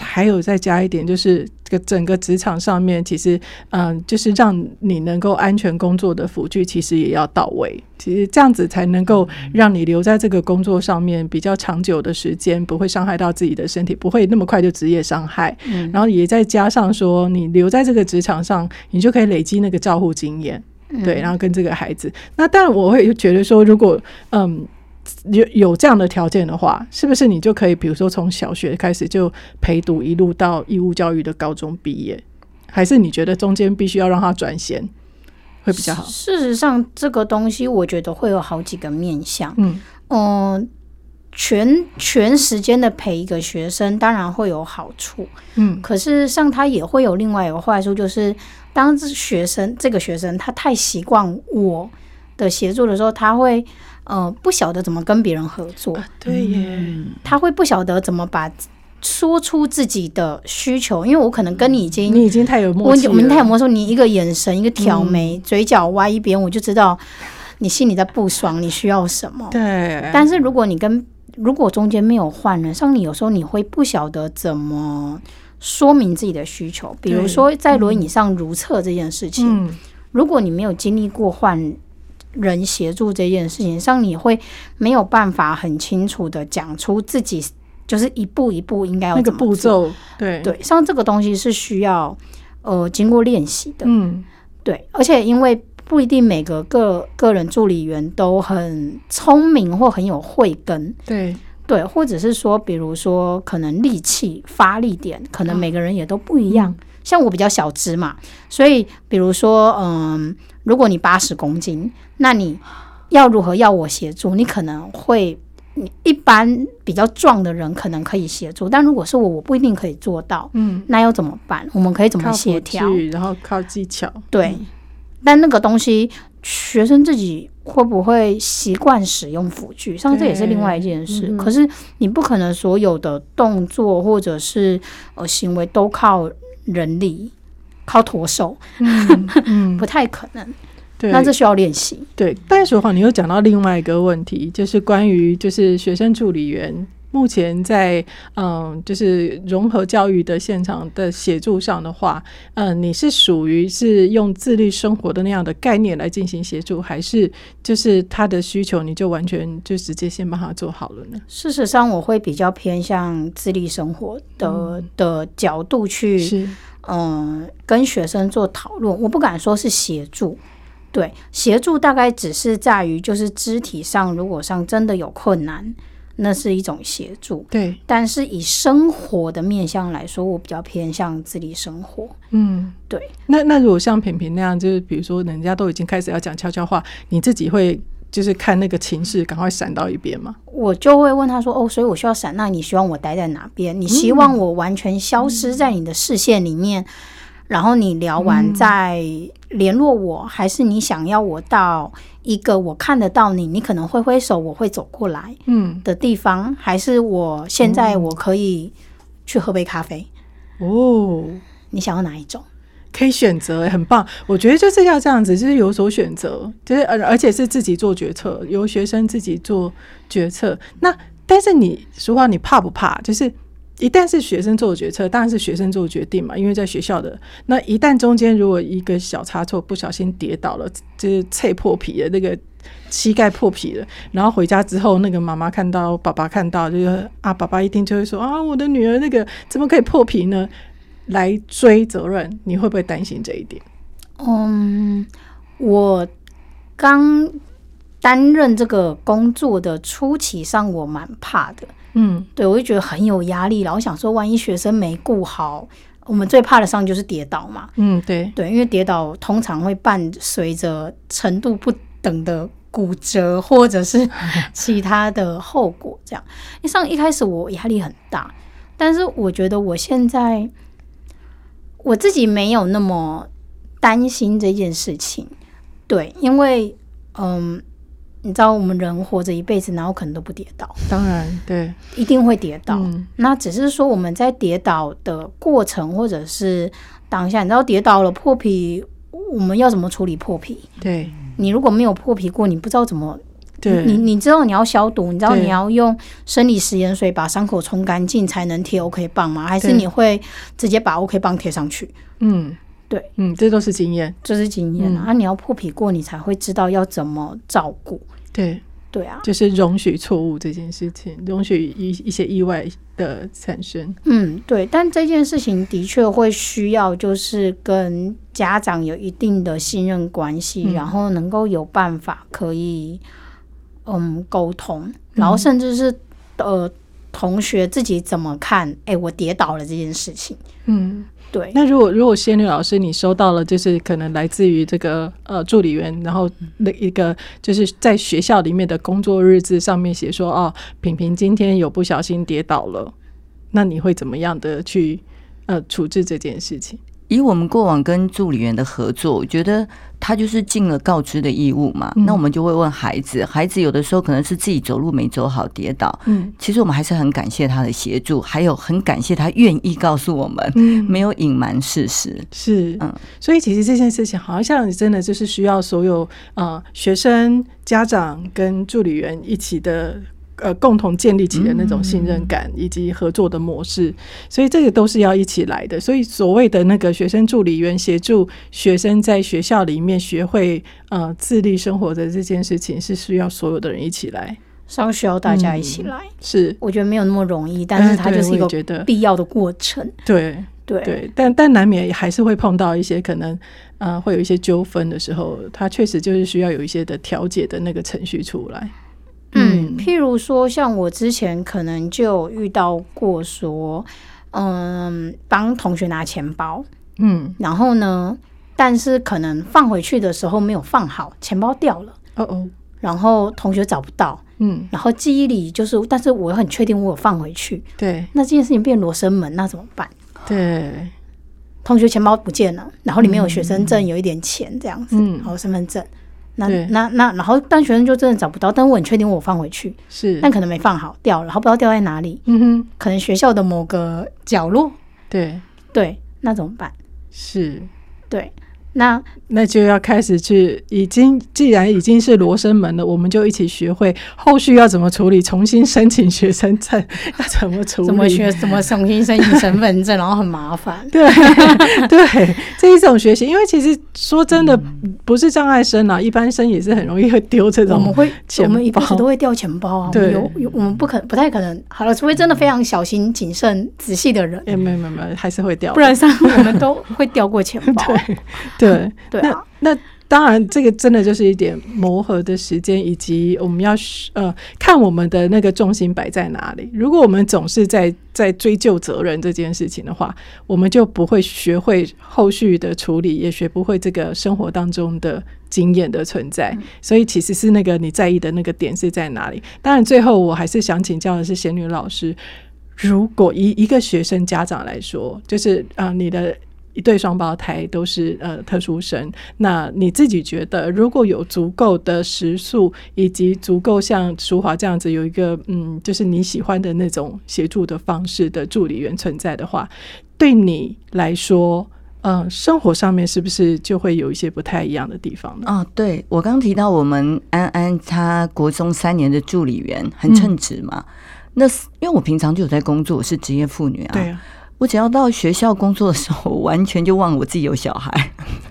還有再加一點就是，這個整個職場上面，其實嗯，就是讓你能夠安全工作的輔具，其實也要到位。其實這樣子才能夠讓你留在這個工作上面比較長久的時間，不會傷害到自己的身體，不會那麼快就職業傷害。然後也再加上說，你留在這個職場上，你就可以累積那個照護經驗。對，然後跟這個孩子，那當然我會覺得說，如果嗯。有有這樣的條件的話，是不是你就可以，比如說從小學開始就陪讀，一路到義務教育的高中畢業？還是你覺得中間必須要讓他轉銜會比較好？事實上，這個東西我覺得會有好幾個面向。嗯，呃，全全時間的陪一個學生，當然會有好處。嗯，可是像他也會有另外一個壞處，就是當這學生這個學生他太習慣我的協助的時候，他會。呃，不曉得怎麼跟別人合作。啊、對耶、嗯，他會不曉得怎麼把說出自己的需求，因為我可能跟你已經，你已經太有默契，我們太有默契，你一個眼神，一個挑眉，嗯、嘴角歪一邊，我就知道你心裡在不爽，你需要什麼。對。但是如果你跟如果中間沒有換人，像你有時候你會不曉得怎麼說明自己的需求，比如說在輪椅上如廁這件事情，嗯嗯、如果你沒有經歷過換。人協助這件事情，像你會沒有辦法很清楚的講出自己就是一步一步應該要怎麼做，那個步驟，對對，像這個東西是需要呃經過練習的，嗯，對，而且因為不一定每個個個人助理員都很聰明或很有慧根，對對，或者是說，比如說可能力氣，發力點，可能每個人也都不一樣。啊嗯。像我比較小只嘛，所以比如說，嗯，如果你八十公斤，那你要如何要我協助？你可能會，你一般比較壯的人可能可以協助，但如果是我，我不一定可以做到。嗯，那要怎麼辦？我們可以怎麼協調？然後靠技巧。對，嗯、但那個東西，學生自己會不會習慣使用輔具？像這也是另外一件事。對可是你不可能所有的動作或者是呃行為都靠。人力靠徒手，不太可能。對那這需要練習。對，但是的話，你又講到另外一個問題， 就是關於就是學生助理員。目前在嗯，就是融合教育的現場的協助上的話，嗯，你是屬於是用自立生活的那樣的概念來進行協助，還是就是他的需求你就完全就直接先幫他做好了呢？事實上，我會比較偏向自立生活的、嗯、的角度去嗯是、呃、跟學生做討論。我不敢說是協助，對協助大概只是在於就是肢體上，如果上真的有困難。那是一種協助，對。但是以生活的面向來說，我比較偏向自理生活。嗯，對。那那如果像平平那樣，就是比如說人家都已經開始要講悄悄話，你自己會就是看那個情勢，趕快閃到一邊嗎？我就會問他說：“哦，所以我需要閃，那你希望我待在哪邊？你希望我完全消失在你的視線裡面？”嗯嗯然後你聊完再聯絡我，嗯、還是你想要我到一個我看得到你，你可能揮揮手，我會走過來，嗯，的地方，嗯、還是我現在我可以去喝杯咖啡。哦，你想要哪一種？可以選擇，很棒。我覺得就是要這樣子，就是有所選擇，就是而而且是自己做決策，由學生自己做決策。那但是你說話，你怕不怕？就是。一旦是學生做的決策，當然是學生做的決定嘛。因為在學校的那一旦中間，如果一個小差錯，不小心跌倒了，就是蹭破皮了，那個膝蓋破皮了，然後回家之後，那個媽媽看到，爸爸看到，就說啊，爸爸一聽就會說啊，我的女兒那個怎麼可以破皮呢？來追責任，你會不會擔心這一點？嗯，um, 我剛擔任這個工作的初期上，我蠻怕的。嗯，對，我就覺得很有壓力，然後我想說，萬一學生沒顧好，我們最怕的傷就是跌倒嘛。嗯，對，對，因為跌倒通常會伴隨着程度不等的骨折或者是其他的後果。這樣， 上一開始我壓力很大，但是我覺得我現在我自己沒有那麼擔心這件事情。對，因為嗯。你知道我們人活着一輩子，然後可能都不跌倒，當然對，一定會跌倒。嗯、那只是說我們在跌倒的過程或者是當下，你知道跌倒了破皮，我們要怎麼處理破皮？對你如果沒有破皮過，你不知道怎麼。對。你你知道你要消毒，你知道你要用生理食鹽水把傷口沖乾淨才能貼 OK 棒嗎？還是你會直接把 OK 棒貼上去？對。嗯。對，嗯，這都是經驗，這是經驗啊！嗯、啊你要破皮過，你才會知道要怎麼照顧。對，對啊，就是容許錯誤這件事情，容許一一些意外的產生。嗯，對，但這件事情的確會需要，就是跟家長有一定的信任關係，嗯、然後能夠有辦法可以嗯溝通，然後甚至是、嗯、呃同學自己怎麼看？哎、欸，我跌倒了這件事情，嗯。對，那如果如果仙女老師你收到了，就是可能來自於這個呃助理員，然後那一個就是在學校裡面的工作日誌上面寫說哦，平平今天有不小心跌倒了，那你會怎麼樣的去呃處置這件事情？以我們過往跟助理員的合作，我覺得他就是盡了告知的義務嘛。嗯、那我們就會問孩子，孩子有的時候可能是自己走路沒走好跌倒。嗯，其實我們還是很感謝他的協助，還有很感謝他願意告訴我們，嗯、沒有隱瞞事實。是，嗯，所以其實這件事情好像真的就是需要所有啊、呃、學生、家長跟助理員一起的。呃，共同建立起的那種信任感以及合作的模式，嗯嗯、所以這個都是要一起來的。所以所謂的那個學生助理員協助學生在學校裡面學會呃自立生活的這件事情，是需要所有的人一起來，上需要大家一起來。嗯、是，我覺得沒有那麼容易，但是他就是一個必要的過程。嗯、對對對，對，但但難免還是會碰到一些可能啊、呃，會有一些糾紛的時候，他確實就是需要有一些的調解的那個程序出來。嗯，譬如說，像我之前可能就遇到過，說，嗯，幫同學拿錢包，嗯，然後呢，但是可能放回去的時候沒有放好，錢包掉了，哦哦，然後同學找不到，嗯，然後記憶裡就是，但是我很確定我有放回去，對，那這件事情變羅生門，那怎麼辦？對，同學錢包不見了，然後裡面有學生證，有一點錢這樣子，嗯，然後身份證。那那那，然後但學生就真的找不到，但我很確定我放回去，是，但可能沒放好掉，然後不知道掉在哪裡，嗯哼，可能學校的某個角落，對對，那怎麼辦？是，對。那那就要開始去，已經既然已經是羅生門了，我們就一起學會後續要怎麼處理，重新申請學生證要怎麼處理。 怎麼學？怎麼重新申請身份證？ 然後很麻煩。對 對，對，這一種學習，因為其實說真的，不是障礙生啊，嗯、一般生也是很容易會丟這種。我們會，我們一般都會掉錢包啊。有對有，有我們不可不太可能。好了，除非真的非常小心謹慎仔細的人。哎、欸，沒沒沒，還是會掉。不然上 我們都會掉過錢包。 對。對對，那對、啊、那，那當然，這個真的就是一點磨合的時間，以及我們要呃看我們的那個重心擺在哪裡。如果我們總是在在追究責任這件事情的話，我們就不會學會後續的處理，也學不會這個生活當中的經驗的存在。嗯、所以，其實是那個你在意的那個點是在哪裡？當然，最後我還是想請教的是仙女老師，如果以一個學生家長來說，就是啊、呃，你的。一對雙胞胎，都是呃特殊生，那你自己覺得，如果有足夠的時數，以及足夠像淑華這樣子有一個嗯，就是你喜歡的那種協助的方式的助理員存在的話，對你來說，呃，生活上面是不是就會有一些不太一樣的地方呢？啊、哦，對，我剛提到我們安安，他國中三年的助理員很稱職嘛，嗯、那因為我平常就有在工作，是職業婦女啊。對啊我只要到學校工作的時候，我完全就忘我自己有小孩。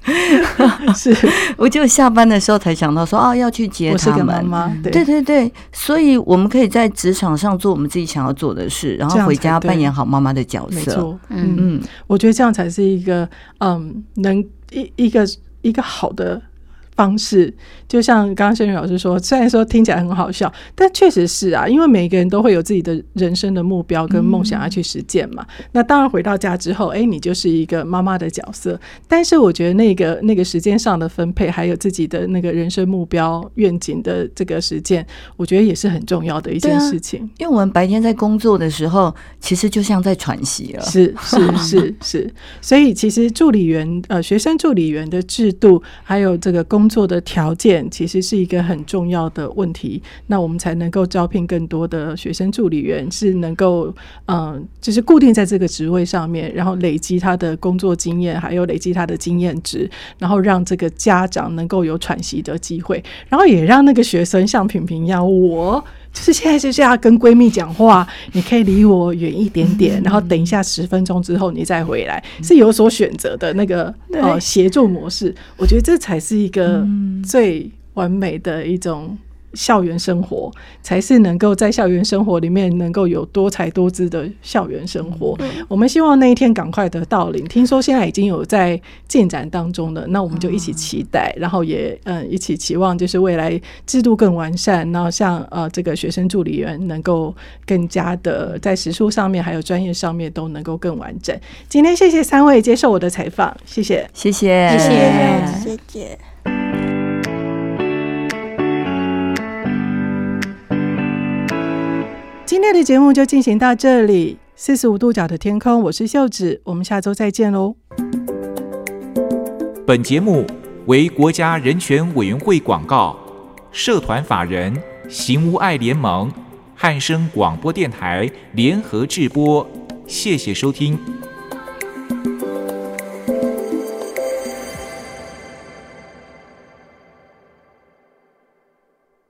是，我就下班的時候才想到說啊，要去接他們。個媽媽對，對對對，所以我們可以在職場上做我們自己想要做的事，然後回家扮演好媽媽的角色。沒錯，嗯嗯，嗯我覺得這樣才是一個嗯，能一一個一個，一個好的。方式就像剛剛仙女老師說，雖然說聽起來很好笑，但確實是啊，因為每一個人都會有自己的人生的目標跟夢想要去實踐嘛。嗯、那當然回到家之後，哎、欸，你就是一個媽媽的角色。但是我覺得那個那個時間上的分配，還有自己的那個人生目標願景的這個實踐，我覺得也是很重要的一件事情，啊。因為我們白天在工作的時候，其實就像在喘息了，是是是是。所以其實助理員呃，學生助理員的制度，還有這個工。工作的條件其實是一個很重要的問題，那我們才能夠招聘更多的學生助理員，是能夠嗯、呃，就是固定在這個職位上面，然後累積他的工作經驗，還有累積他的經驗值，然後讓這個家長能夠有喘息的機會，然後也讓那個學生像平平一樣，我。就是現在就是要跟閨蜜講話，你可以離我遠一點點，然後等一下十分鐘之後你再回來，是有所選擇的那個呃協助模式，我覺得這才是一個最完美的一種。校園生活才是能夠在校園生活裡面能夠有多才多姿的校園生活。嗯、我們希望那一天趕快的到臨。聽說現在已經有在進展當中的，那我們就一起期待，嗯、然後也嗯一起期望，就是未來制度更完善，然後像呃這個學生助理員能夠更加的在時數上面還有專業上面都能夠更完整。今天謝謝三位接受我的採訪，謝謝，謝謝，謝謝，謝謝。今天的節目就進行到這裡。四十五度角的天空，我是秀芷，我們下周再見嘍。本節目為國家人權委員會廣告，社團法人行無礙聯盟、漢聲廣播電台聯合製播，謝謝收聽。